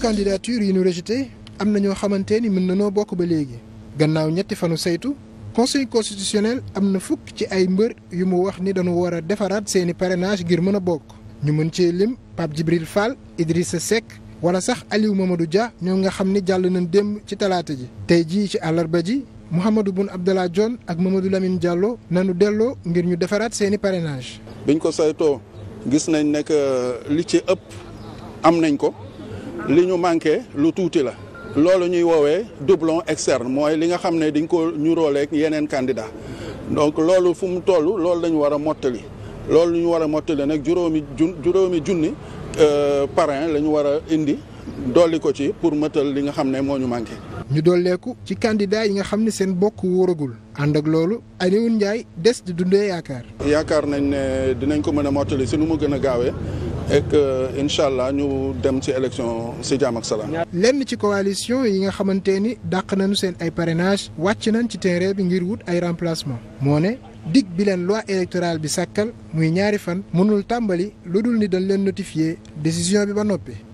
candidature yi am na ñoo xamante ni mën na noo bokk ba léegi gannaaw ñetti fanu saytu conseil constitutionnel am na fukk ci ay mbër yu mu wax ni dañu war a defaraat seeni parrainage ngir mën a bokk ñu mën cee lim Pape Djibril Fall Idrissa Seck wala sax Aliou Mamadou ja ñoom nga xam ni jàll nañ démb ci talaata ji tey jii ci àllarba ji Mouhamadou Boun Abdallah Dionne ak Mamadou Lamine jàlloo nanu delloo ngir ñu defaraat seeni parrainage. biñ ko saytoo gis nañ ne li ci ëpp nañ ko. li ñu manqué lu tuuti la loolu ñuy woowee dublon externe mooy li nga xam ne dañ ko ñu yeneen candidat donc loolu fu mu toll loolu la ñu war a mottali loolu lu ñu war a mottali nag juróomi jun juróomi junni euh, parent la ñu war a indi dolli ko ci pour mëtal li nga xam ne moo ñu manqué. ñu dolleeku ci candidat yi nga xam ne seen bokk wóoragul ànd ak loolu Alioune Ndiaye des di dundee yaakaar. yaakaar nañ ne dinañ ko mën a mottali si nu mu gën a gaawee et que incha allah ñu dem ci élection si jaam ak salaam. lenn ci coalition yi nga xamante ni dàq nañu seen ay parrainage wàcc nañ ci terrain bi ngir wut ay remplacement moo ne dig bi leen loi électorale bi sàkkal muy ñaari fan mënul tàmbali lu dul ni dañ leen notifié décision bi ba noppi.